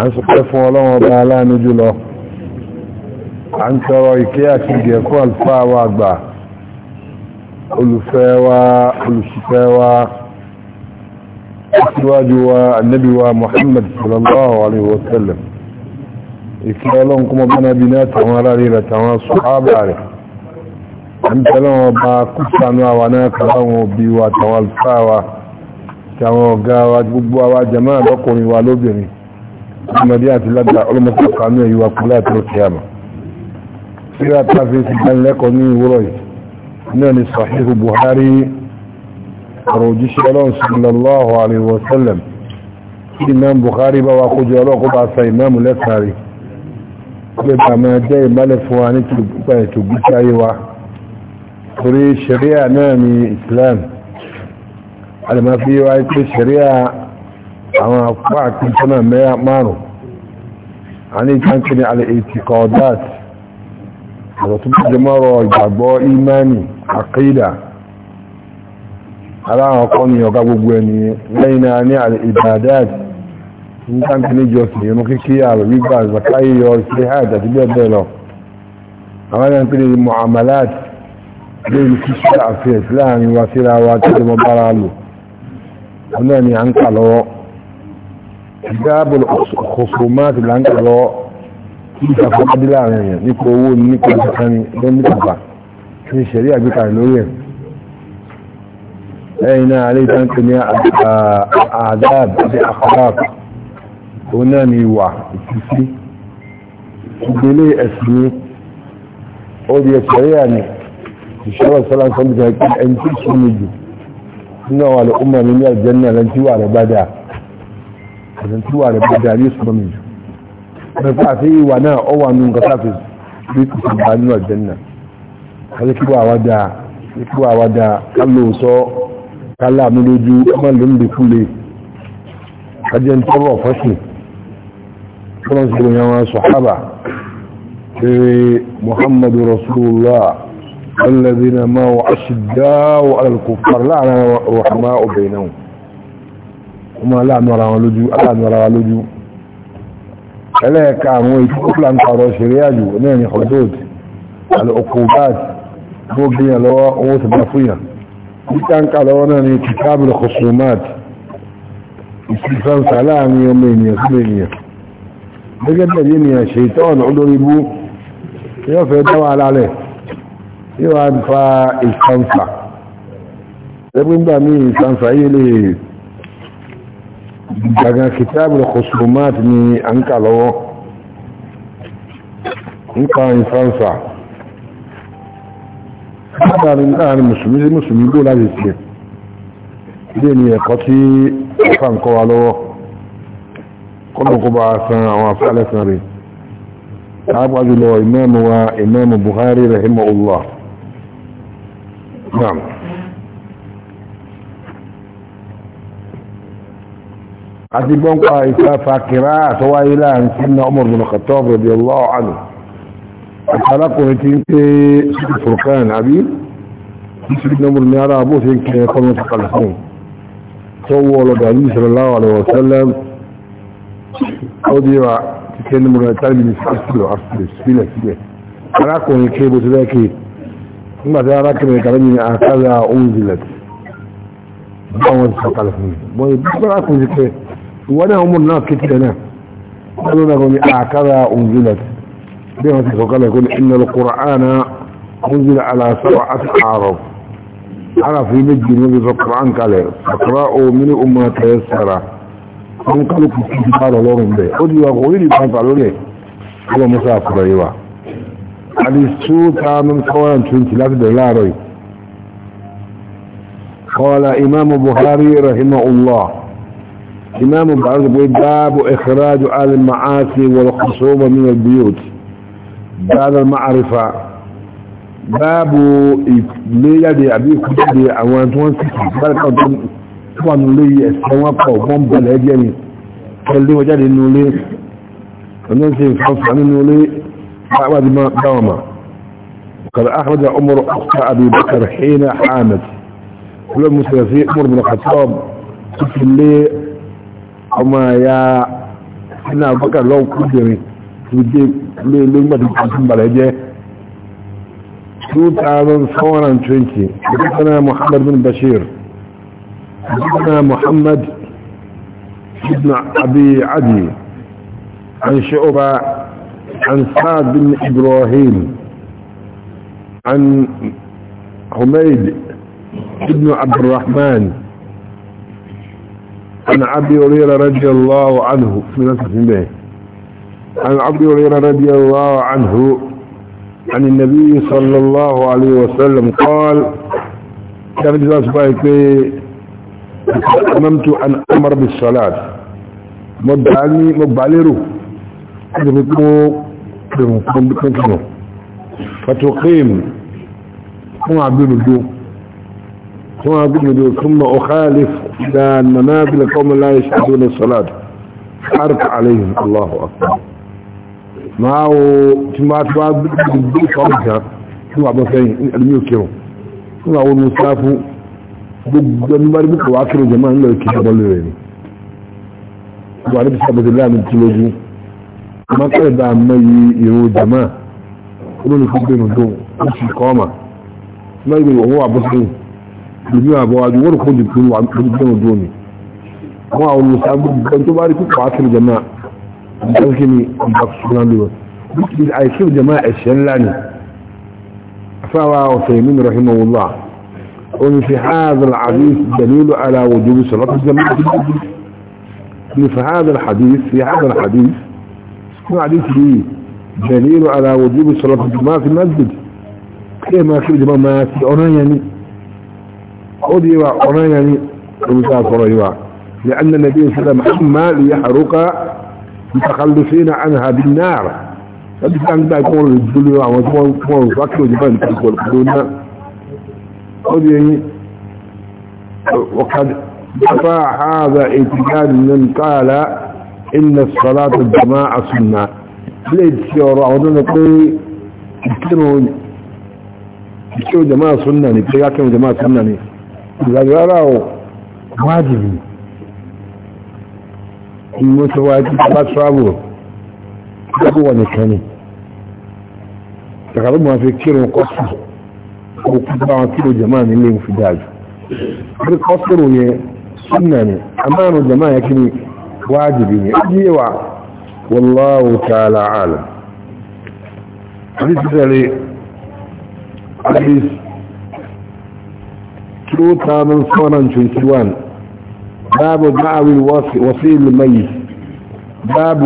a ń sọpẹ́ fún ọlọ́run ọba aláàánú jùlọ a ń tọrọ ìkẹ́ àti ìgẹ̀kọ́ àlùfáà wa àgbà olùfẹ́ wa olùṣìfẹ́ wa síwájú wa annabi wa muhammad sallallahu alaihi wasallam ìkẹ́ ọlọ́run kúmọ̀ bọ́nà bí náà tàwọn ará rí rẹ̀ tàwọn sọ́hábà rẹ̀ a wa tàwọn àlùfáà wa gbogbo àwa jàmáà lọ́kùnrin wa lóbìnrin ọmọdé àti lágbà ọlọ́mọkọ̀ọ́kọ́ àánú ẹ̀yíwá kú láàtọ́ kíyàmà síra tàbí ti dánilẹ́kọ̀ọ́ ní ìwúrọ̀ yìí náà ni Sahihu Buhari ọ̀rọ̀ òjíṣẹ́ ọlọ́run sallallahu alaihi wa sallam tí imam Buhari bá wa kójọ ọlọ́kọ́ bá sa imam lẹ́sàrí pé bá máa jẹ́ àwọn afọ́ àti ìtọ́nà mẹ́ra márùn a ní ìtànkì ní alẹ́ ètì kọ̀ọ̀dát ọ̀rọ̀ tó bí jẹmọ́rọ̀ ìgbàgbọ́ imani àkídà aláwọn ọkọ́ ni ọ̀gá gbogbo ẹni lẹ́yìn náà ní alẹ́ ìbàdát ìtànkì ní jọsìn ìrún kíkí àrò gbígbà zakai yọ sí hajj àti bẹ́ẹ̀ bẹ́ẹ̀ lọ àwọn ẹni kìtàbù kòsùmáàtì láńkàlọ́ nípa fọ́nàdí láàrin èèyàn nípa owó nípa ìsàkánì ló ní kàbà kí ni ṣẹ̀rí àgbékalẹ̀ lórí ẹ̀ ẹ̀yìn náà alẹ́ ìtànkì ní àdáàb àti àkọ́láàb ó náà ni ìwà ìtìsí ìgbélé ẹ̀sìn ó di ẹ̀ṣẹ̀rí àní ìṣọ́rọ̀ sọ́lá sọ́lá ẹni tí ó sún mi jù nínú àwọn alẹ́ àtẹ̀túwà rẹ̀ bó darí ìsúná mi jù mẹ́fà àti ìwà náà ọ wà nù nǹkan sáfì bí kò sì bá nínú ọ̀jẹ́ náà àti kí wà wá dáa kí wà wá dáa ká lóòótọ́ ká láàmú lójú ọmọ ló ń lè kúlè kájẹ́ ń tọ́rọ̀ muhammadu rasulullah والذين ما وعشداء على الكفار لا أنا رحماء بينهم kuma aláàánú ara wọn lójú aláàánú ara wa lójú ẹlẹ́ẹ̀ka àwọn ìfúkúlà ń parọ́ ṣeré àjò náà ni hudud al-uqubat tó gbìyàn lọ́wọ́ owó tó bá fún yàn títà ń kà lọ́wọ́ náà ni kitabul khusumat ìfìfẹ́nsà láàrin ọmọ ènìyàn sí yìí lè daga kitabul khusumat ni an kalawo nípa ìfáǹsà láàrin musulmi sí musulmi bó láti ṣe ilé ni ẹ̀kọ́ tí ọ̀fà ń kọ́ wa lọ́wọ́ kọ́lọ̀kọ́ bá san àwọn afẹ́lẹ́sàn rẹ̀ láàpájúlọ ìmáàmù wa ìmáàmù Bukhari rahimahullah naam àti gbọ́nkọ́ ìfẹ́fà kìrá àtọwáyé láàrin sínú Umar bin Khattab radiyallahu anhu àtàlákùnrin tí ń pé furkan àbí ìsìnkú Umar ní ara bó ṣe ń kẹrẹ kọ́nà ti kalifon tó wọ́ lọ́dọ̀ àlú sallallahu alaihi wa sallam ó dé wa ti kẹ́ ní mọ̀rọ̀ tàbí ní sàṣìlò àṣìlò sílẹ̀ sílẹ̀ arákùnrin kí bó ti rẹ́ kí nígbà tí arákùnrin kàrẹ́ ní àkàlà ounzilẹ̀ báwọn ti sọ kalifon bọ́n ìbí arákùnrin kẹ́ wani ọmọ náà kékeré náà wọ́n náà kọ́ni àkàrà òǹzílẹ̀t bí wọ́n ti sọ̀kalẹ̀ kọ́ni ìnàlù kùránà òǹzílẹ̀ aláṣọ àti àrọ̀ aláfi méjì ní bí sọ kùrán kalẹ̀ sàkùrá òmìnir ọmọ tẹ̀yẹ sára wọ́n kálukú sí ti bára lọ́rùn bẹ́ẹ̀ ó di wa kò rí nìkan fà lónìí wọ́n mú sáà kúrò yìí wa hadith two thousand four hundred twenty láti bẹ̀rẹ̀ láàárọ̀ yìí قال إمام بخاري رحمه الله إمام بعرض باب إخراج آل المعاصي والخصومة من البيوت بعد المعرفة باب ليلة دي أبي كتب أوان توان سكي بارك توان لي السواق وقوم بالهجاني قال لي وجد إنه لي وننسي الحص عن إنه لي بعد ما دوما قد أخرج عمر أخت أبي بكر حين حامد كل المسلسين امر بن الخطاب قلت لي ọmọ ẹ̀yà iná àbúkà lọ́wọ́ kúndìrín tó dé lé lóńgbàdì jẹ́ 2420 حدثنا محمد بن بشير حدثنا محمد بن أبي عدي عن شعبة عن سعد بن إبراهيم عن حميد بن عبد الرحمن عن عبد هريره رضي الله عنه من به عن عبد هريره رضي الله عنه عن النبي صلى الله عليه وسلم قال كان جزاء بايك أممت أن أمر بالصلاة مبعني مبعليرو فتقيم هم عبدالله ثم أقول ثم أخالف إلى المنازل قوم لا يشهدون الصلاة حرق عليهم الله أكبر ما هو ثم أتباب بالطريقة ثم أبو سعين الميوكيرو ثم أقول مصاف بالجنبار بالكواكر جماعة لا يكتب الليل وعلى بسبب الله من تلوجي ما قلب عمي يرو جماعة قلوا لكم بين الدوم مش القامة ما يقول وهو أبو سعين lójú àbọ̀ àjò wọ́n kò dìbò wà lójú ọjọ́ ni àwọn àwọn olùsàgbọ̀n tó bá rí pípọ̀ àkìrì jama ìjọba kí ni ọba sọ́nà lè wọ́n bí kí àìkìrì jama ẹ̀ṣẹ̀ ńlá ni afáwa ọ̀sẹ̀ mímu rahimahullah omi fi hàdà al-hadith dalilu ala wujubi salatu jama ni fi hàdà al-hadith fi hàdà al-hadith ní hadith yìí dalilu ala wujubi salatu jama fi masjid kí ẹ máa kí jama máa fi ọ̀nà yẹn ni أوليوا قرانيا يعني لمسافريوا لأن النبي صلى الله عليه وسلم حمى ليحرق متخلصين عنها بالنار فبس فبسان بقى يقول الدنيا ومتقول فاكر جبان تقول قدونا أوليوا يعني، وقد دفع هذا اعتقاد من قال إن الصلاة الجماعة سنة ليد سيورا عودنا قوي يكتنوا يكتنوا جماعة سنة يكتنوا جماعة سنة ìgbàgbára ọ̀ wájìbì mo sọ wájú bá travel gbogbo wọn nìkan ni tàkàlù mọ́ fi kírun kọ́sù òkú bá wọn kírò jama nílé ń fi dájú bí kọ́sùrù yẹn súnà ni a máa rùn jama yẹn kí ni wájìbì ni ó jí wà wallahu ta'ala alam 2421 باب دعوي الوصي الميت باب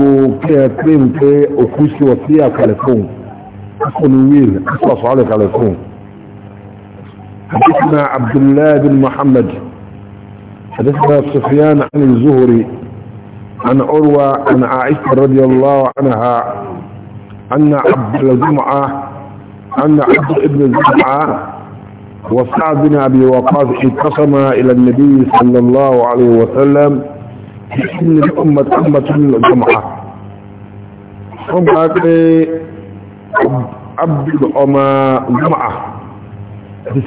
حدثنا عبد الله بن محمد حدثنا سفيان عن الزهري عن عروة عن عائشة رضي الله عنها أن عبد الجمعة أن عبد ابن الجمعة وسعد بن أبي وقاص اتصم إلى النبي صلى الله عليه وسلم إن الأمة أمة الجمعة أمة عبد الاما جمعة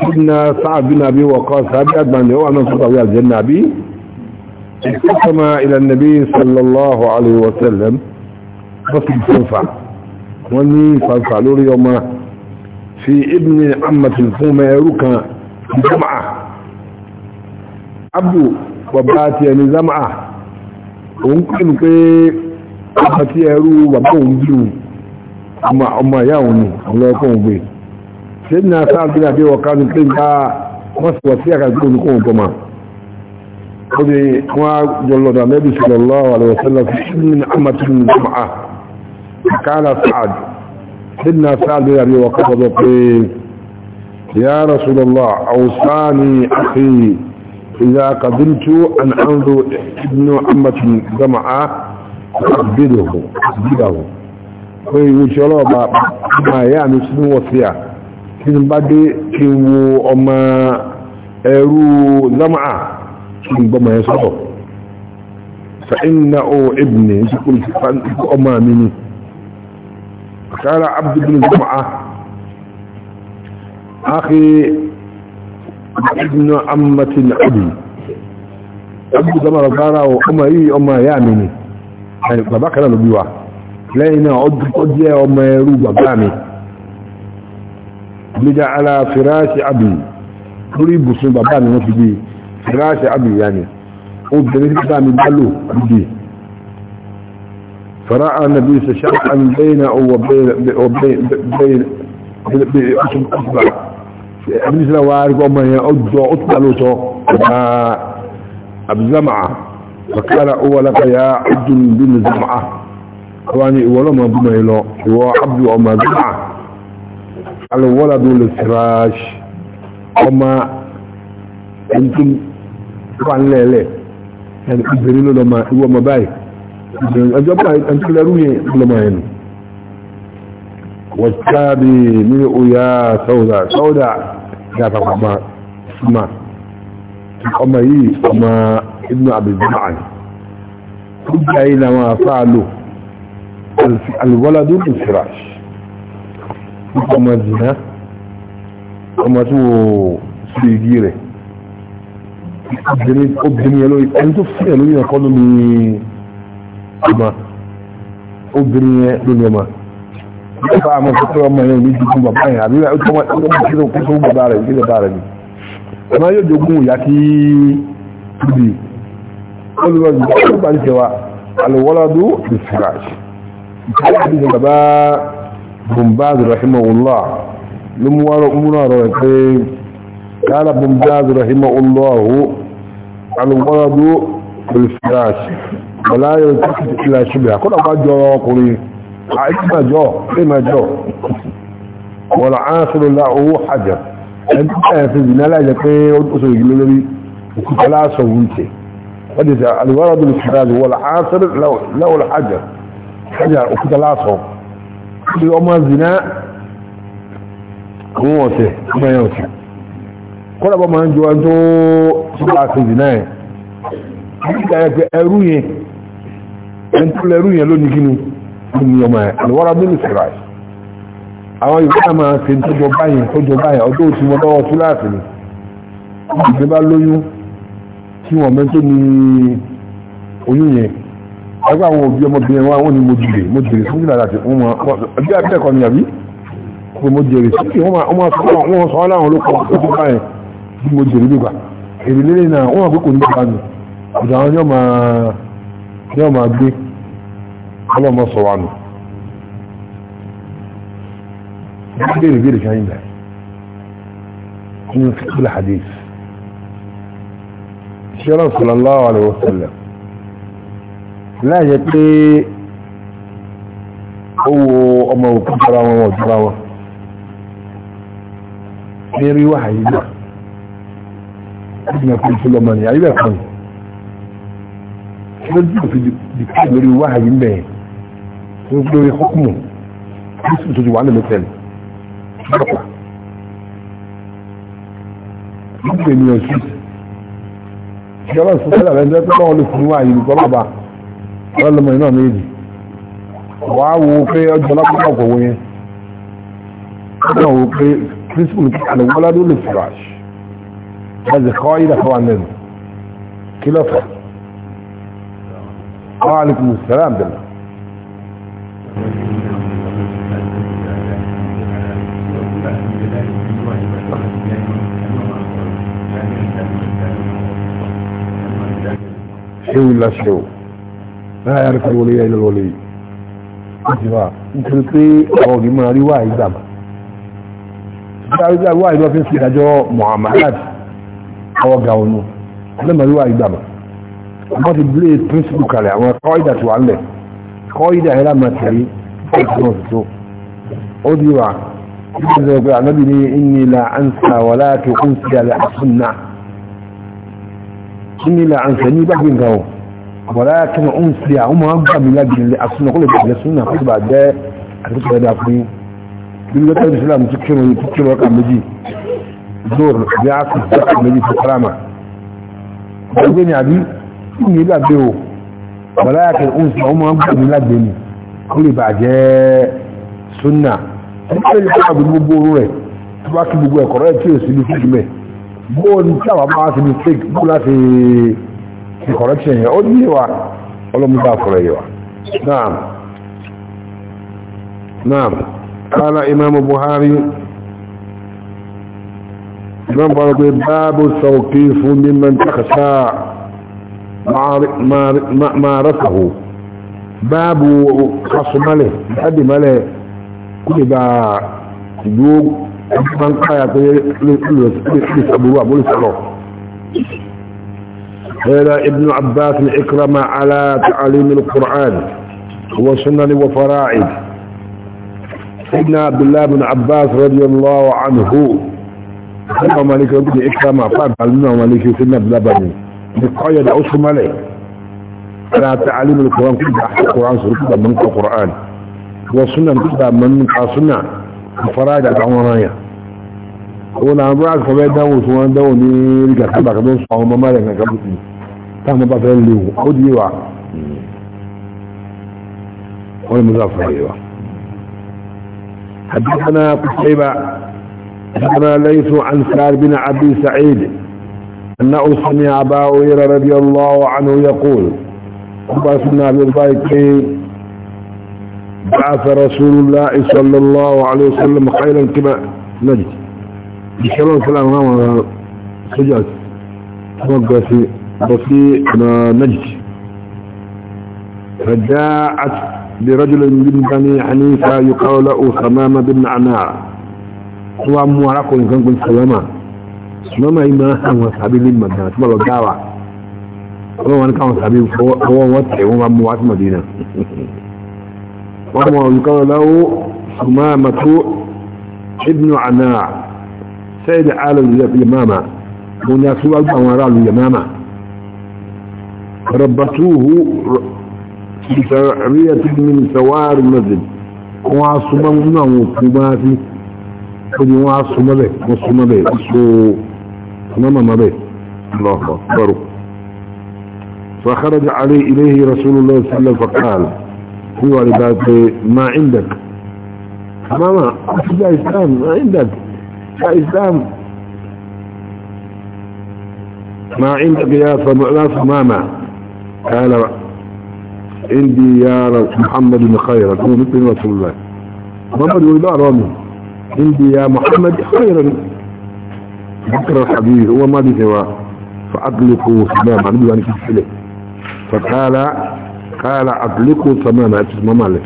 سيدنا سعد بن أبي وقاص هذا أدمان هو انا نصدق يا الجنة أبي اتصم إلى النبي صلى الله عليه وسلم فصل فنفع وني فنفع لوري يومه في ابن عمة فوما يروكا جمعة عبد وباتي يعني زمعة وممكن كي àti ẹrú bàbá òun bí òun ọmọ ìyá òun ni ọlọ́ọ̀kọ́ òun gbé ṣe ní àṣáàbí àbí ọ̀ká ní pé bá wọ́n sì wọ́n sí àkàtí olùkọ́ òun tọ́mà ó سيدنا سعد يعني وقفض يا رسول الله أوصاني أخي إذا قدمت أن أنظر ابن أمة جمعة أقبله أقبله ويقول الله ما يعني سنو وصيا كن بدي كن أما أرو جمعة كن بما يسره فإنه ابني تقول فأنت أمامني قال عبد بن جمعة أخي ابن أمة أبي أبو زمر قال أمي أما يامني يعني بابا كان نبيوا لأينا قد يا أما يروب أبامي لجا على فراش أبي قريب بسن باباني نفسي فراش أبي يعني قد نفسي بابامي بلو أبي فرأى النبي صلى الله عليه وسلم بينه وبين بين بين أصبع ابن سلوارك وما يأدو أطلع لطو أبزمعة فقال أولك يا عبد بن زمعة واني ولما بما يلو هو عبد وما زمعة الولد للفراش وما انتم طبعا لا لا يعني ابن لما هو مبايك ọjọ́ bá ẹ̀ntìlẹ̀rú yẹn lọ́mọ ẹ̀nu wọ̀tàbí ní òyà sọ́ọ̀dà sọ́ọ̀dà yàtà ọmọ ma ọmọ yìí ọmọ ibn abdullahi tó jẹ́ ayé na wọn afá lò alwọ́ladún ìfirash ọmọ zina ọmọ tó sí igi rẹ̀ obìnrin ẹni tó fún ẹ̀ lórí ẹ̀kọ́ ọmọ obìnrin yẹn ló lọ́mọ nípa ọmọ yẹn ní ju bàbá yẹn àbí ọmọ yóò jogún ìyá kí tóbi ó lọ́wọ́ ju ó ọ̀la yóò tó ti ti ilẹ̀ ṣubẹ̀ àkọ́dà bá jọ ọkùnrin àìsíbàjọ́ ìmẹ̀jọ́ wọ̀lá ánsọ́lọ́lá owó àjà ẹni ẹ̀fẹ́ ìdí náà láìjẹ́ pé ó sọ ìgbìlẹ̀ lórí òkúta láàṣọ wíńtẹ̀ wọ́n ti sẹ́ àlùwárọ̀ bí lùsùlá ni wọ̀lá ánsọ́lọ́lá àjà àjà òkúta láàṣọ ti ọmọ zina àwọn ọ̀sẹ̀ ọmọ yẹn ọ̀sẹ̀ kọ́dà bá máa ń jọ ẹni tó sọ́kà àti zina yẹn ẹntúlẹ̀rú yẹn ló ní gínú ní ọmọ ẹ̀ alùwárá bínú sẹ̀ráì àwọn ìwọ́n máa fi tọ́jọ báyìí tọ́jọ báyìí ọjọ́ òtí wọn lọ́wọ́ tí láàfin ní ìgbé bá lóyún tí wọ́n mẹ́tọ́ ní oyún yẹn ẹgbẹ́ àwọn òbí ọmọbìnrin wa wọ́n ní mo jèrè mo jèrè fún ìlànà àti fún wọn ọbí akẹ́kọ̀ọ́ ni àbí pé mo jèrè sí wọ́n sọ láwọn olóko tó báyìí bí mo jèrè nígbà èrè lélẹ́yìn náà wọ́n àgbékò nígbà mi ọ̀dọ̀ àwọn yóò máa gbé ọlọ́mọ sọ wa nù béèrè béèrè kan yìí nínú fíkúlù hadith ṣẹlẹ̀ sallallahu alaihi wasallam láyé pé owó ọmọ òkú jọra wọn wọ̀ jọra wọn ní rí wà yìí náà ìgbìmọ̀ fún ìṣẹ́lọ́mọ ni àyíbẹ̀ kan kí ló dìbò fi dìbò lórí wà yìí mẹ́rin gbogbo ìhókùmù kristu tó ti wà nílùú tẹ́lẹ̀ lọ́pàá nígbà ènìyàn sí ìjọba ìfúnṣẹ́lẹ̀ rẹ̀ jẹ́ pẹ́lú ọlọ́ fún wa yìí gbọ́dọ̀ bá ọlọ́mọ iná méjì wàá wo pé ọjọ́ lápapọ̀ kọ̀wé yẹn ọjọ́ wo pé kristu ní kíkàlẹ̀ wọ́lá ló lè fìràṣ ẹ̀sẹ̀ kọ́ ìdà fún wa nẹ́nu kí lọ́fà wa alaikum salaam àbẹ̀lẹ̀ شيء إلا شيء لا يعرف الولي إلا الولي ìjìnlá nítorí pé àwọn òní máa rí wà ìgbàmà ìgbàmà wà ìlọ́fin sí ìdájọ́ Muhammad àwọn ọgá ọ̀nà lẹ́mọ̀ rí wà ìgbàmà wọ́n ti blé principle kalẹ̀ àwọn kọ́ìdà tó wà lẹ̀ kọ́ìdà ẹ̀rá máa tẹ̀lé ìgbàmà tó ó di wà ìgbàmà pé ànábì ní ìnìlà ansa wà láti ó ń sí alẹ́ àtúnnà inni la an sani ba bin gawo walakin unsi ya umma ba mi labin li asuna kullu bi sunna ko ba da arko da ku bin da islam tukiro tukiro kan miji dor ya asu ta miji salama ko ni abi ni ba be o walakin unsi ya umma ba mi labin kullu ba je sunna ko ba bu bu re ba ki bu ko re ti o si bi me bóòlù tí àwọn máa ti mistake bóòlù láti ti correction yẹn ó ní ìwà ọlọ́mùbá fọ̀rọ̀ yẹwà naam naam kala imam buhari imam buhari pé báàbù sọ̀kí fún mímọ̀ takasá máa rẹ́sàhù báàbù kásùmálẹ̀ kádìmálẹ̀ kúrò bá ìdúró máa ń káyà pé lùsàbúrú àbúrúsàlọ̀ هذا ابن عباس الإكرم على تعليم القرآن وسنن وفرائد ابن عبد الله بن عباس رضي الله عنه سنة مالك ابن إكرم فعب علمنا مالك سنة بلبني بقاية أسهم عليه على تعليم القرآن كده أحد القرآن سرقة من القرآن وسنن كده من السنة àfọ́rájà àtàwọn ọ̀ràn yà òun làwọn búrá àkọ́kọ́ fẹ́ dáwò tí wọ́n dáwò ní rígà kábà kan tó ń sọ àwọn ọmọ mẹ́rin kankan bó ti táwọn bá fẹ́ lè wò ó di wa wọ́n lè mú sá fún wa. حدثنا قتيبة حدثنا ليس عن سعد بن أبي سعيد أنه سمع أبا هريرة رضي الله عنه يقول أبا سنة بالبايكين بعث رسول الله صلى الله عليه وسلم خيرا كما نجد الشباب السلام نعم عليكم سجاد توقفي بصي نجد فجاءت برجل من بني حنيفة يقال له صمامة بن عناع هو مورق إن كان كنت سلاما سلاما إما هو صحابي لما كانت مرة دعوة هو أنا كان صحابي هو وطحي هو موعد مدينة وما له حمامة ابن عناع سيد آل اليمامة مناسبة الأمراء اليمامة ربطوه بسرعية من سوار المسجد وعصم منه وكماتي كني وعصم به وعصم به وعصم به الله أكبر فخرج عليه إليه رسول الله صلى الله عليه وسلم فقال هو رباك ما عندك ماما يا اسلام ما عندك يا اسلام ما عندك يا ما قال عندي يا محمد خيرا هو مثل رسول الله محمد لا رامي عندي يا محمد خيرا بكر الحبيب هو ما دي سواه فأطلقوا عنه يعني في تسحله فقال قال أطلقوا سمانا تسمى مالك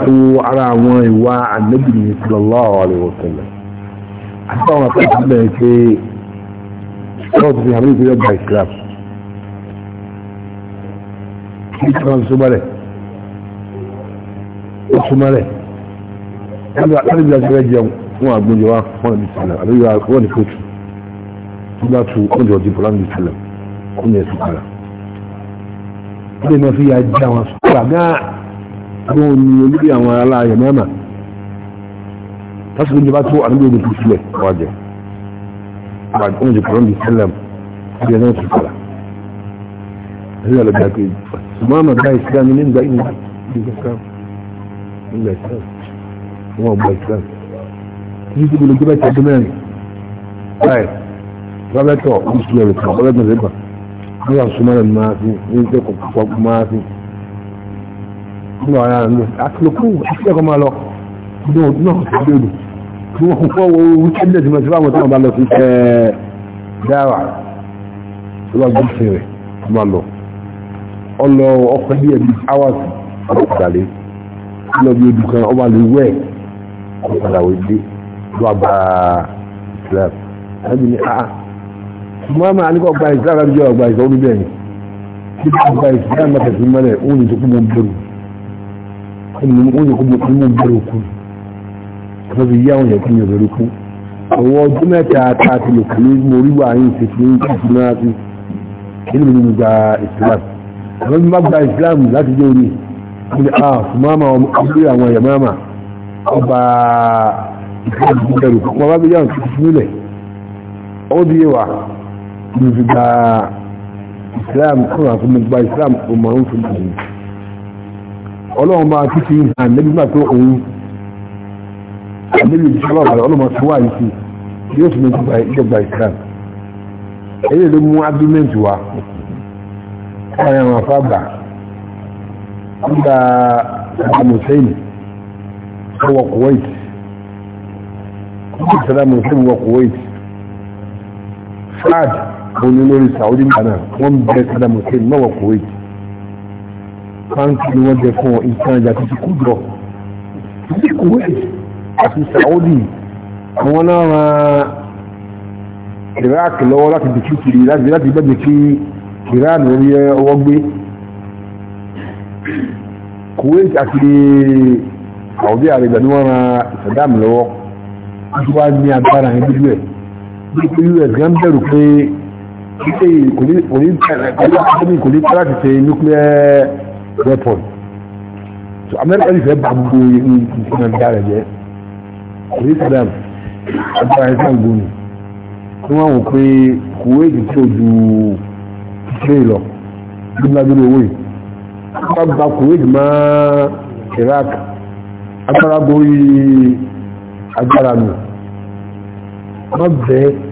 هو على وعي النبي صلى الله عليه وسلم حتى ما تقول في صوت في حبيب في يدها الكلام كان سمالي سمالي أنا أريد أن أرجع wọn àgbọn jọ wá wọn ní sàlẹ̀ àbí wọn ní kóòtù nígbà tó wọn jọ di bọ́lá ní sàlẹ̀ kó ní ẹ̀sùn kàrà ilé náà fi yà jẹ àwọn sọ́kà gáà àwọn òní olórí àwọn ará ayọ̀ mẹ́mà lásìkò ìjọba tó àdúgbò ní kú sílẹ̀ wájẹ́ àwọn ìjọba kọ̀ọ̀rọ̀ ní sẹ́lẹ̀m àti ẹ̀rọ tó kọ̀ọ̀lá ẹ̀rọ yà lọ́dọ̀ àti mọ́mọ́ gba ìsìlám ní nígbà ìgbà ìsìlám nígbà ìsìlám wọn gba ìsìlám títí tí mo lè gbé bá ìtẹ́jú mẹ́rin báyìí rọ́bẹ́tọ̀ ó ń sílẹ̀ rẹ̀ kàn ọ́bẹ́tọ̀ Allah sumana maafi ní ìjọ kò pọ̀ maafi nínú ara rẹ̀ àtìlókù àtìlẹ́kọ̀ọ́ máa lọ ní ọdún náà kò sí lónìí tí wọ́n kọ́ wo wíkẹ́ndẹ̀ tí mo ti fáwọn tí wọ́n bá lọ sí ẹ̀ dáwà tí wọ́n gbé sí rẹ̀ tó máa lọ ọlọ ọkọ̀ ní ẹ̀bí áwàsì ọ̀pọ̀dàlẹ̀ lọ bí odù kan ọba lè wẹ̀ ọ̀pọ̀dàwẹ̀ dé lọ́wọ́ bá Islam ni áà ah, ah mọ́mọ́ àníkọ̀ gba ìsára jọ ọgbà ìsọ́ orí bẹ́ẹ̀ tí wọ́n gba ìsára mẹ́ta sí mẹ́rẹ̀ òun ní tókù mọ́ bẹ̀rù òun ní tókù mọ́ bẹ̀rù kú ọ̀sọ́ fi yá òun yẹ kí ní ọ̀bẹ̀rù kú ọwọ́ ọdún mẹ́ta ta ti lò pẹ̀lú mo rí wà ní ìsìn fún ìsúná sí nínú ah, àwọn bí ọba ìsìlám bẹ̀rù bá gbé yàrá tuntun nílẹ̀ ó di wa mo fi gba islam kọ́ àti mo gba islam kò mọ̀ ń fi gbà yìí ọlọ́run máa tún fi hàn níbi gbà tó òun níbi ìṣọ́lá ọ̀bàlẹ̀ ọlọ́run tó wà yìí sí yóò sì mọ̀ ìjọba islam èyí ló mú agreement wa káyọ̀ àwọn afábà nígbà Saddam Hussein wọ Kuwait nígbà Saddam Hussein wọ Kuwait Fad bóni lórí saudi nana wọn bẹ saddam hussein náà wọ kuwait fáńkì ni wọn jẹ fún ìtàn ìjà títí kú jọ títí kuwait àti saudi àwọn náà ran iraq lọ́wọ́ láti dìkú kiri láti láti bẹ́ẹ̀ dìkú iran lórí ọwọ́ gbé kuwait àti saudi arabia ni wọn ran saddam lọ́wọ́ wọn tún wá ní agbára yẹn dúdú ẹ bí us gan bẹ̀rù pé wípé kò ní kò ní tẹ́lá ti ṣe nuclear weapon so Amẹ́ríkà ti fẹ́ bá gbogbo nǹkan ẹ̀dá rẹ̀ jẹ́ kò ní Saddam agbára ẹ̀ sàn gbóni tí wọ́n wò pé Kuwait tí ó ju Israel lọ dúdúdúdú owó yìí wọ́n gba Kuwait mọ́ Iraq agbára borí agbára nù wọ́n bẹ́ẹ̀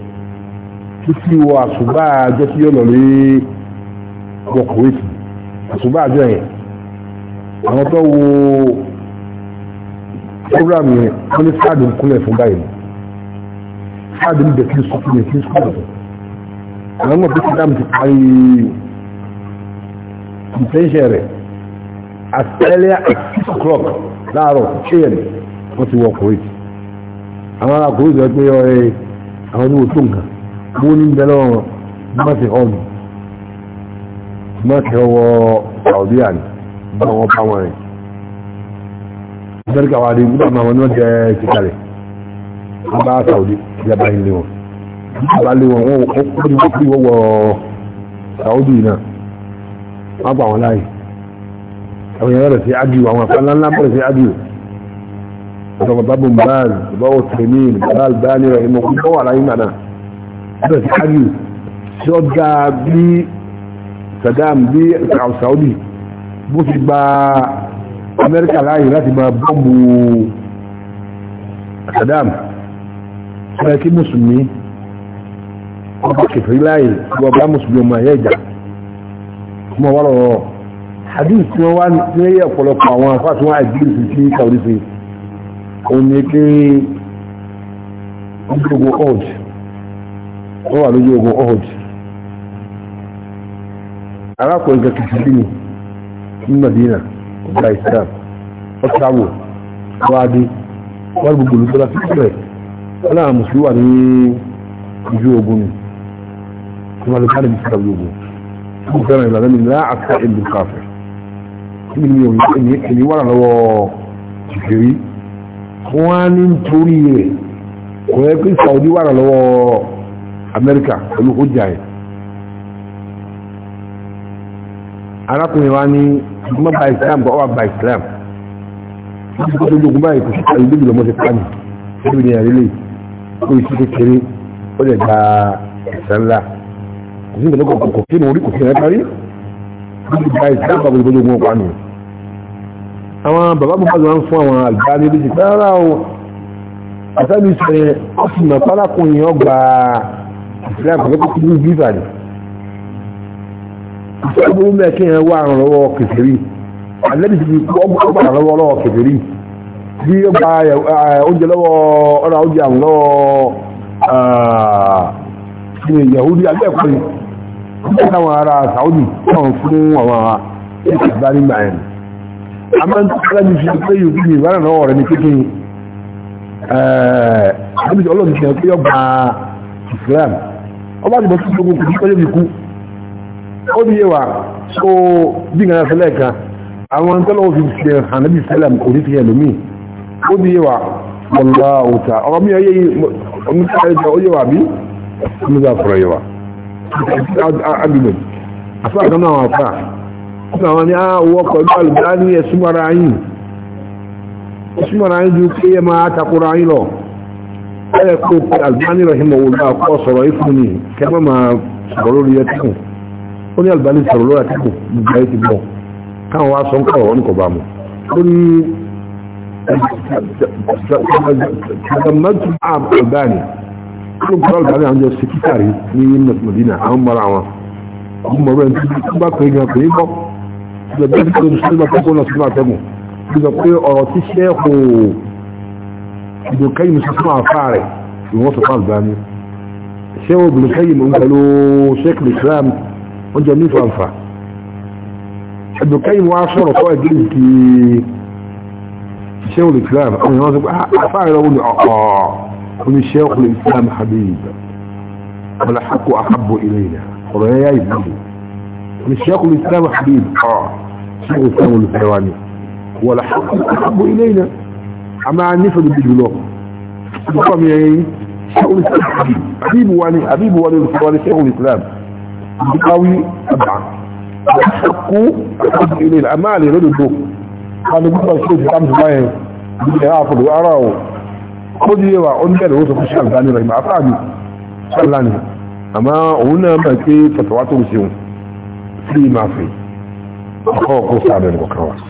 títí wọ àṣùbà àjọ tí yóò lọ lé wọ kòwéètì àṣùbà àjọ yẹn àwọn tó wo program yẹn wọ́n ní sáàdì ń kúnlẹ̀ fún báyìí sáàdì ń bẹ̀ kí sùkúrù ní kí sùkúrù àwọn ọmọ tó ti ti parí ìtẹ́ńṣẹ̀ rẹ̀ as six o'clock láàárọ̀ chain wọ́n ti wọ kòwéètì àwọn ará kòwéètì wọ́n pé ọ̀rẹ́ àwọn oníwòtó nǹkan bó ní bẹ̀rẹ̀ wọn má ti hàn mí má ti ọwọ́ saudi àní bá wọn bá wọn rìn ìdẹ́rẹ́kà wà dé nígbà máa wọn ní wọ́n jẹ́ kíkàlẹ̀ wọ́n bá saudi ìjọba ilé wọn ìjọba ilé wọn wọ́n kọ́ ní wọ́n kí wọ́n wọ saudi náà wọ́n gbà wọn láàyè àwọn èèyàn rẹ̀ sí ágìw àwọn afẹ́lá bẹ́ẹ̀ sí kájú tí ó dá bí Saddam bí Saudi bó ti gba Amẹ́ríkà láàyè láti máa bọ́ọ̀bù Saddam ọ̀rẹ́ kí mùsùlùmí ọba kẹfẹ́ láàyè ọba mùsùlùmí ọmọ ẹ̀yẹ́ ìjà ọmọ wà lọ́wọ́ hadith tí wọ́n wá ní ẹ̀yẹ ọ̀pọ̀lọpọ̀ àwọn afáàtí wọn àìjírí sí sí Saudi sí òun ni pé ọdún wọ́n wà lójú ogun ohud arákùnrin kan kìí ní ní madina ọgbà islam ọ̀sáwò wáadé wọ́n gbogbo olùsọ́lá sí ìpẹ́ wọ́n náà mùsùlùmí wà ní ojú ogun ni tí wọ́n lè kárí bíi sára ojú ogun tí wọ́n fẹ́ràn ìlànà nínú àkà ìlú káfẹ́ tí mi ò ní èmi wà lọ́wọ́ ìfèrí wọ́n á ní nítorí rẹ̀ kò yẹ kí Saudi wà lọ́wọ́ amẹ́ríkà pẹ̀lú ọjà ẹ̀ arákùnrin wa ní ọmọ bá islam bọ́ ọwà bá islam wọ́n ti kọ́ tó lókun báyìí kò síta ìlú ìlú ọmọ ti pa ní ẹbí ní àrílẹ̀ kó isi kékeré ó lè gba ẹ̀sẹ̀ ńlá kò sí ìgbàlókọ̀ kò kí ni orí kò sí ẹ̀ parí wọ́n ti islam bá gbogbo lókun ọkọ̀ àná àwọn bàbá bàbá ló ń fún àwọn àgbà ní ibi tí rárá o àtàbí sẹ ọ́fìnà pálákùnrin islam kò kókó bí bí ìbàdàn ìṣẹ́ ìbúrú n'ụlọ kí ẹ wá àrùn lọ́wọ́ kẹfẹ́rí alẹ́bí ti fi ọgbà àrùn lọ́wọ́ lọ́wọ́ kẹfẹ́rí bí ó gba oúnjẹ lọ́wọ́ oúnjẹ àrùn lọ́wọ́ yahudi ni ará saudi fún àwọn pé ọba ti bọ̀ sí gbogbo kùdí ó lè fi kú ó ní yẹwà so bí nǹkan fẹlẹ̀ kan àwọn tọ́lọ́wọ́ fi ṣe hànábì sẹ́lẹ̀m orí ti ẹlòmí ó ní yẹwà wọlá òta ọmọ mi ayé oníkàlẹ́jọ ó yẹwà bí ọmọdé àfọ̀rọ̀ yẹwà agbègbè àfáà kan náà àfà ó sì àwọn ah, ní àwọ̀ pẹ̀lú àlùbáà ní ẹ̀sùn mara yìí ẹ̀sùn mara yìí ju pé máa takora yìí lọ ẹ̀yẹ kó albani rahim ọ̀wọ̀lá kọ́ sọ̀rọ̀ ìfún ni kẹfà máa sọ̀rọ̀ lórí ẹtìkùn ó ní albani sọ̀rọ̀ lórí ẹtìkùn gbogbo ayé ti bọ̀ káwọn wá sọ ń kọ̀rọ̀ ní kò bá mu ó ní tàdàmọ́tù albani ó gbọ́ albani àwọn jọ sekítàrí ní madina àwọn mọ́ra wọn àwọn mọ̀rọ̀ ẹni tó bá pè é gan pè é bọ́ ìgbà tó ń sọ ابن القيم تسمع فاري الموسط الباني سوى ابن القيم قالوا شيخ الاسلام وانت مين فانفع ابن القيم وعشرة جيل جلسي شيخ الاسلام انا نازل فاري اقول اه اني الشيخ الاسلام حبيب والحق احب الينا قل يا ابني اني الشيخ الاسلام حبيب اه شيخ الاسلام الاسلامي والحق احب الينا a máa nífẹ̀ẹ́ gbogbo jùlọ ọkọ mi ẹyin ṣẹ́hùn islam àbíbu wa ni àbíbu wa ni olùsọ̀rọ̀ ni ṣẹ́hùn islam ìdíkàwí àbá àkókò àkókò ilé a máa lè lódodo wọn ni gbogbo ṣe ìdíkàm tó báyẹn ní ẹ̀rọ àfọ̀dù ara ọ̀ kó di yẹwà ó ń bẹ̀rẹ̀ ó sọ fún ṣàlùdá ní rẹ̀ máa fáàbì ṣàlùdá ni àmọ́ òun náà mọ̀ pé fọ̀tọ̀wá tó ń ṣeun fi ọkọ̀ ọkọ̀ sáà bẹ̀rẹ̀ kọ̀ọ̀kan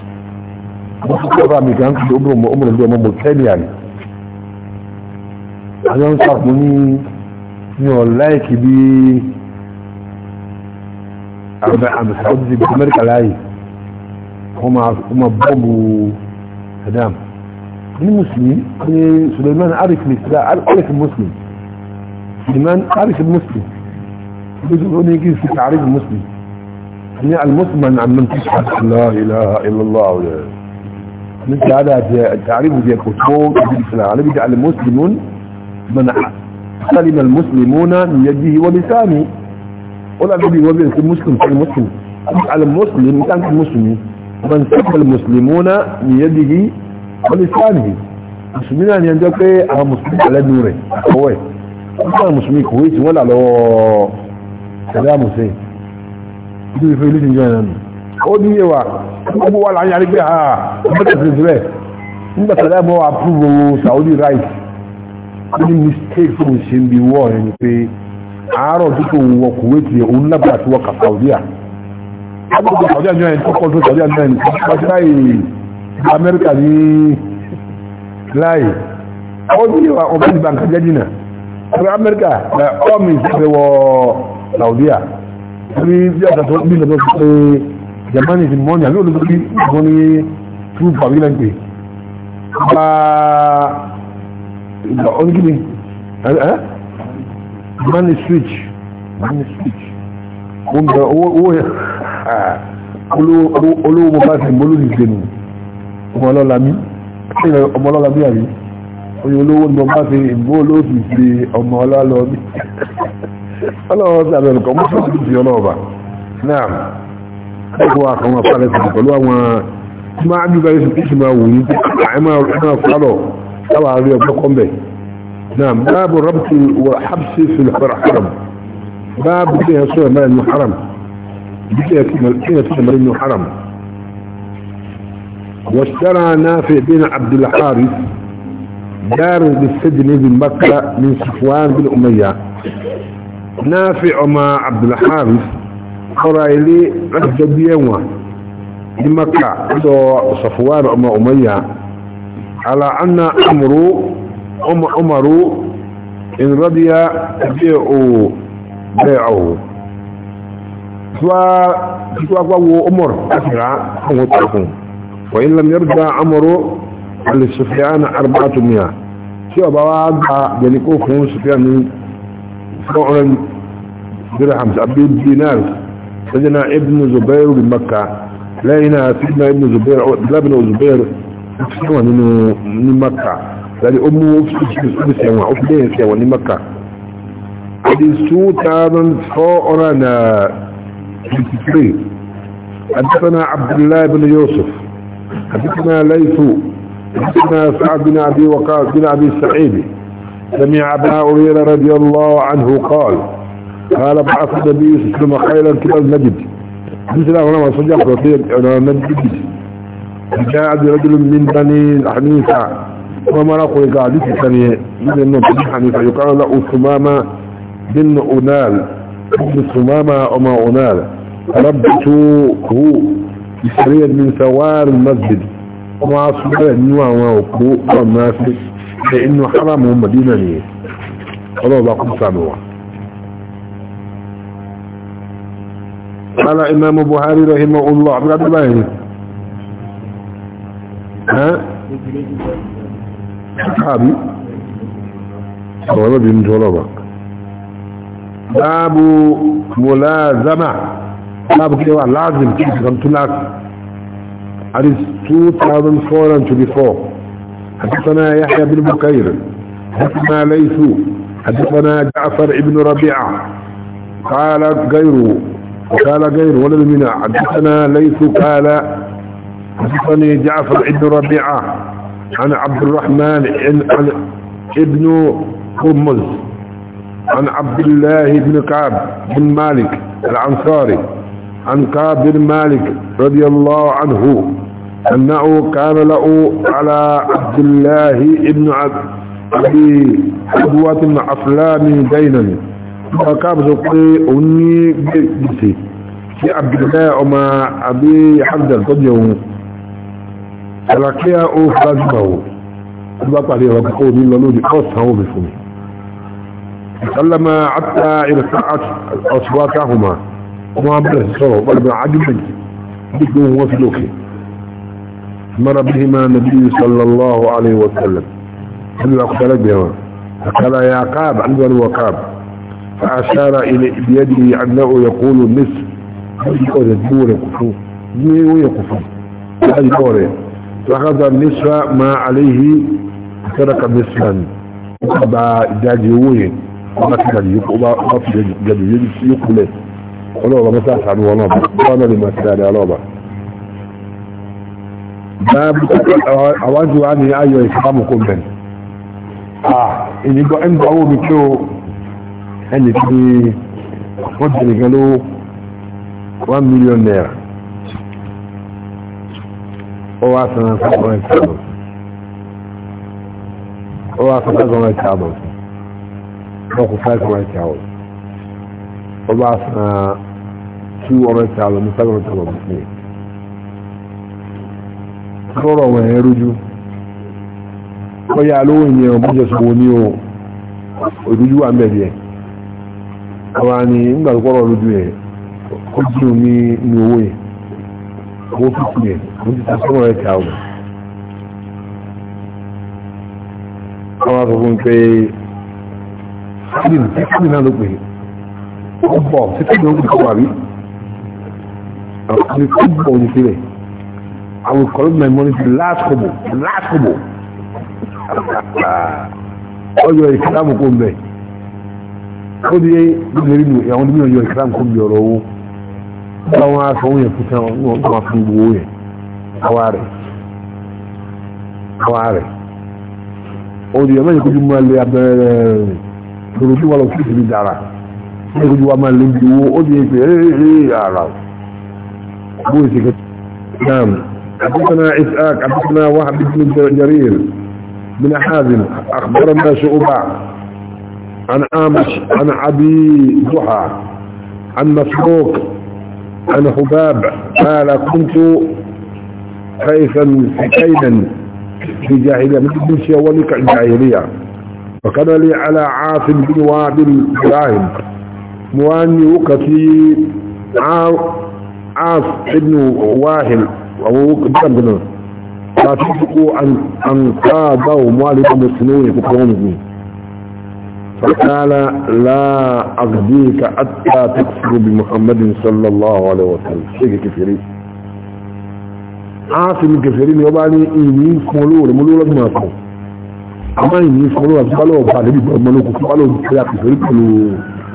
بخطر من كان في عمره عمره زي ما قلت يعني انا انصح مني ni wallahi ki bi abu saudi bi amurka layi kuma kuma babu saddam ni musulmi ne suleiman arif misra arif muslim suleiman arif muslim بيقول لي كيف تعريف المسلم يعني المسلم عن من تشهد لا اله الا الله مثل هذا تعريف ديكوتون بالإسلام على بدأ المسلمون من سلم المسلمون من يده ولسانه ولا بدي وبين المسلم في المسلم على المسلم كان المسلم من سلم المسلمون من يده ولسانه المسلمين أن ينجوا على مسلم على نوره هو أما المسلمين كويس ولا لو كلامه سيء يقول في ليش نجانا هو دي واحد gbogbo wa la ń yarí pé ah ọmọdé tẹ̀sí rẹ̀ nígbà tí aláìmọ́ approve Saudi right ó ní mistake tó ń ṣe ń bi wọ́ ẹ̀ pé àárọ̀ tó wọ Kuwait yẹ òun lábàá ti wọ Saudi à agbègbè Saudi àjọ yẹn tó kọ́ Saudi àjọ yẹn tó kọ́ láì Amẹ́ríkà ní láì ó ní ọmọ ìgbà nǹkan jẹ́ jìnnà ọmọ Amẹ́ríkà ọmọ ìṣẹ́fẹ́ wọ Saudi à ní bí ọ̀sán tó bí lọ́dọ̀ germany in money. àbí olùdókí ìgbọ́n ní true pàbí lẹ́gbẹ̀ bá ìgbà oníkíni ẹ́ germany switch germany switch ó ń bẹ owó yẹ eh, olówó mo bá ṣe mọ́ lórí ìgbẹ́nu ọmọlọ́lami ọmọlọ́lami àrí oye olówó mo bá ṣe ìgbó olóòtú ṣe ọmọlọ́lọ́mi ọlọ́wọ́ sí àbẹ̀rẹ̀ kan mú sí ọlọ́ọ̀bà náà نعم باب ربط وحبس في الحرم باب فيها سوى ما المحرم بيها في المرين المحرم واشترى نافع بن عبد الحارث دار بالسجن بن مكة من صفوان بن أمية نافع ما عبد الحارث kọ́ra ilé láti jọ bí ẹ̀wọ̀n ní maka sọ Safwan ọmọ Umayya ala anna amuru umaru in radiya ẹgbẹ́ òwò bẹ́ẹ̀ ọ̀wọ̀ tuwa gbawo umar asira kan wata kun wa in lam yarda amuru al-sufiyan arba'atu miya tí ọba wá gba jẹ́ni kó fún sufiyan ní 400 dirhams àbí dinars سيدنا ابن زبير بمكة لا هنا سيدنا ابن زبير عبد الله بن زبير سوا من مكة لأن يعني أمه في سوا أفليه سوا من مكة سوطة من فورنا حدثنا عبد الله بن يوسف حدثنا ليث حدثنا سعد بن أبي وقاص بن أبي سعيد سمع أبا هريرة رضي الله عنه قال قال بعث النبي صلى الله عليه وسلم خيلا كبال نجد مثل هنا وصجع رطير يعني انا نجد جاء رجل من بني حنيفة وما رأخوا يقعدت الثانية من انه بني حنيفة يقال له ثمامة بن أنال ابن ثمامة وما أنال ربته بسرية من ثوار المسجد وما أصبح أنه هو وقوء والناس لأنه حرام هم مدينة ليه خلاص أقول ساموها قال امام بوهاري رحمه الله بقد الله ها صحابي طلب من طلبة باب ملازمة باب كيوا لازم كيف كنت لازم حديث 2424 حدثنا يحيى بن بكير حدثنا ليث حدثنا جعفر ابن ربيعة قال غيره وقال غير ولد منا حدثنا ليث قال حدثني جعفر بن ربيعة عن عبد الرحمن عن ابن خمز عن عبد الله بن كعب بن مالك العنصاري عن كعب بن مالك رضي الله عنه أنه كان له على عبد الله بن عبد أبي حبوة عفلان دينا فكاب زوقي أني بيسي في عبد الله أما أبي حمد الطجيو سلكيا أو فلازمه البطل عليه وقعوا من لنود قصها وبفمه سلم عدت إلى ساعة أصواتهما وما بلس صوه بل عجب منك بكم وفلوكي مر بهما النبي صلى الله عليه وسلم هل أقتلك بهما فقال يا كاب عنده الوقاب فأشار إلى بيده أنه يقول النصف يقول الدور كفو يقول كفو هذه دوره فأخذ النصف ما عليه ترك نصفا وقبع وين ومكان يقبع في جديد يقبله ولو ما عنه الولاء وانا لما كان على باب أواجه عنه أيها يفهمكم منه آه إني قاعد أول بكيو ẹni tí wọ́n ti nìkan ló one million naira ó wá san five hundred thousand ó wá san five hundred thousand wọ́n kó five hundred thousand ó bá san two hundred thousand ní five hundred thousand ní sọ́rọ̀ wọn ẹ̀ rújú ó yà lóhùn yẹn ó bójú sọ wọn ní o àwọn àni ńgbàlùkọ́rọ̀ lójú ẹ̀ ó jí o ní ní owó yẹn owó fífi yẹn ó ti ta sọ́mọ̀ rẹ̀ kà ọ̀nà àwọn akọ̀kùn pé kádìn tí kádìn náà ló pè ó bọ̀ tí kádìn náà ló pè wà rí àwọn akọ̀kùn tó bọ̀ ní sílẹ̀ I will collect my money to the last kobo the last kobo ọjọ́ ìkàlámù kò ń bẹ̀ẹ́ kó di gbogbo eré nìyẹn àwọn onímọ̀ yọ ìkàrà nǹkan bí ọ̀rọ̀ owó báwọn aṣọ òun yẹn fúnta wọn wọn kọ́ máa fún gbogbo owó yẹn àwa rẹ̀ àwa rẹ̀ ó di ẹ̀mọ́ yẹn kó di máa lé abẹ́rẹ́ eh, tòrò tí wọ́n lọ sí ìsinmi dára ó yẹ kó di wọ́n máa lé bí owó ó di ara eh, eh, bó ṣe kẹ́ نعم حدثنا إسحاق حدثنا واحد بن جرير بن حازم أخبرنا شعبان عن عامش عن عبي ضحى عن مسروق عن حباب قال كنت خيفا سكينا في جاهلية من ابن شيولك الجاهلية وكان لي على عاصم بن واد الراهم مواني وكتي عاص بن واهل وكتي عن قادوا والد المسلمين في قومهم فقال لا أغديك حتى تكفر بمحمد صلى الله عليه وسلم شيء كفري عاصم كفري يباني إيمين كمولور مولور ما كون أما إيمين كمولور أبسالو بعد ذلك ملوك كمولور كفري كمولور